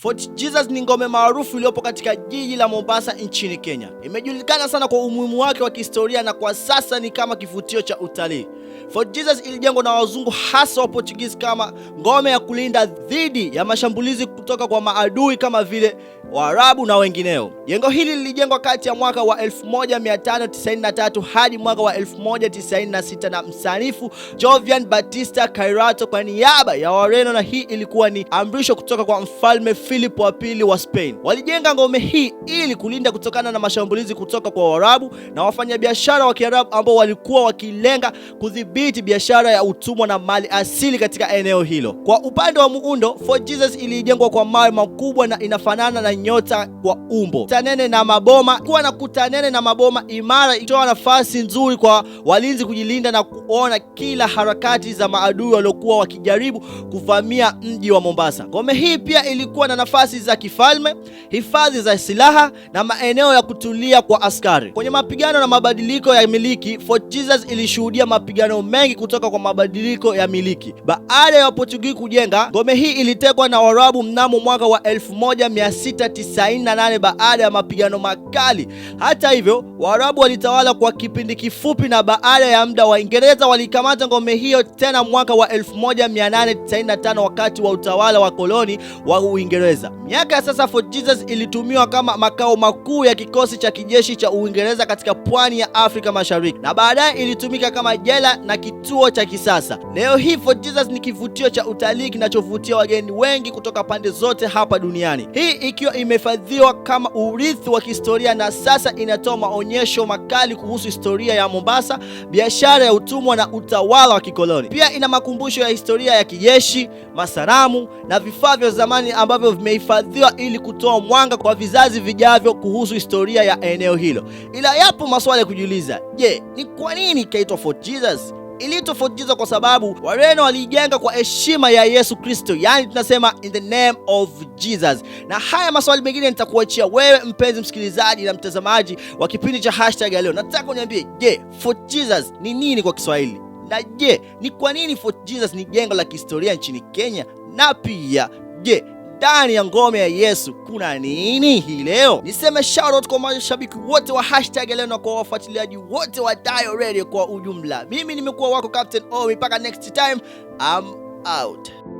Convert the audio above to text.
Fort Jesus ni ngome maarufu iliyopo katika jiji la Mombasa nchini Kenya. Imejulikana sana kwa umuhimu wake wa kihistoria na kwa sasa ni kama kivutio cha utalii. Fort Jesus ilijengwa na wazungu hasa Portuguese kama ngome ya kulinda dhidi ya mashambulizi kutoka kwa maadui kama vile Waarabu na wengineo. Jengo hili lilijengwa kati ya mwaka wa 1593 hadi mwaka wa 1996 na msanifu Jovian batista Cairato kwa niaba ya Wareno, na hii ilikuwa ni amrisho kutoka kwa Mfalme Philip wa pili wa Spain. Walijenga ngome hii ili kulinda kutokana na mashambulizi kutoka kwa Waarabu na wafanyabiashara wa Kiarabu ambao walikuwa wakilenga kudhi kudhibiti biashara ya utumwa na mali asili katika eneo hilo. Kwa upande wa muundo, Fort Jesus ilijengwa kwa mawe makubwa na inafanana na nyota kwa umbo tanene na maboma kuwa na kutanene na maboma imara, ilitoa nafasi nzuri kwa walinzi kujilinda na kuona kila harakati za maadui waliokuwa wakijaribu kuvamia mji wa Mombasa. Ngome hii pia ilikuwa na nafasi za kifalme, hifadhi za silaha na maeneo ya kutulia kwa askari. Kwenye mapigano na mabadiliko ya miliki, Fort Jesus ilishuhudia mapigano maeneo mengi kutoka kwa mabadiliko ya miliki. Baada ya Waportuguzi kujenga, ngome hii ilitekwa na Waarabu mnamo mwaka wa 1698 baada ya mapigano makali. Hata hivyo, Waarabu walitawala kwa kipindi kifupi, na baada ya muda Waingereza walikamata ngome hiyo tena mwaka wa 1895 wakati wa utawala wa koloni wa Uingereza. Miaka ya sasa Fort Jesus ilitumiwa kama makao makuu ya kikosi cha kijeshi cha Uingereza katika pwani ya Afrika Mashariki na baadaye ilitumika kama jela na kituo cha kisasa. Leo hii Fort Jesus ni kivutio cha utalii kinachovutia wageni wengi kutoka pande zote hapa duniani, hii ikiwa imehifadhiwa kama urithi wa kihistoria na sasa inatoa maonyesho makali kuhusu historia ya Mombasa, biashara ya utumwa na utawala wa kikoloni. Pia ina makumbusho ya historia ya kijeshi masanamu na vifaa vya zamani ambavyo vimehifadhiwa ili kutoa mwanga kwa vizazi vijavyo kuhusu historia ya eneo hilo. Ila yapo maswali ya kujiuliza. Je, ni kwa nini ikaitwa Fort Jesus? Iliitwa Fort Jesus kwa sababu Wareno waliijenga kwa heshima ya Yesu Kristo, yaani tunasema in the name of Jesus. Na haya maswali mengine nitakuachia wewe mpenzi msikilizaji na mtazamaji wa kipindi cha hashtag ya leo. Nataka uniambie, je, Fort Jesus ni nini kwa Kiswahili? Na je, ni kwa nini Fort Jesus ni jengo la kihistoria nchini Kenya? Na pia je, ndani ya ngome ya Yesu kuna nini hii leo? Niseme shout out kwa mashabiki wote wa hashtag leo na kwa wafuatiliaji wote wa Dayo Radio kwa ujumla. Mimi nimekuwa wako Captain Omi, mpaka next time, I'm out.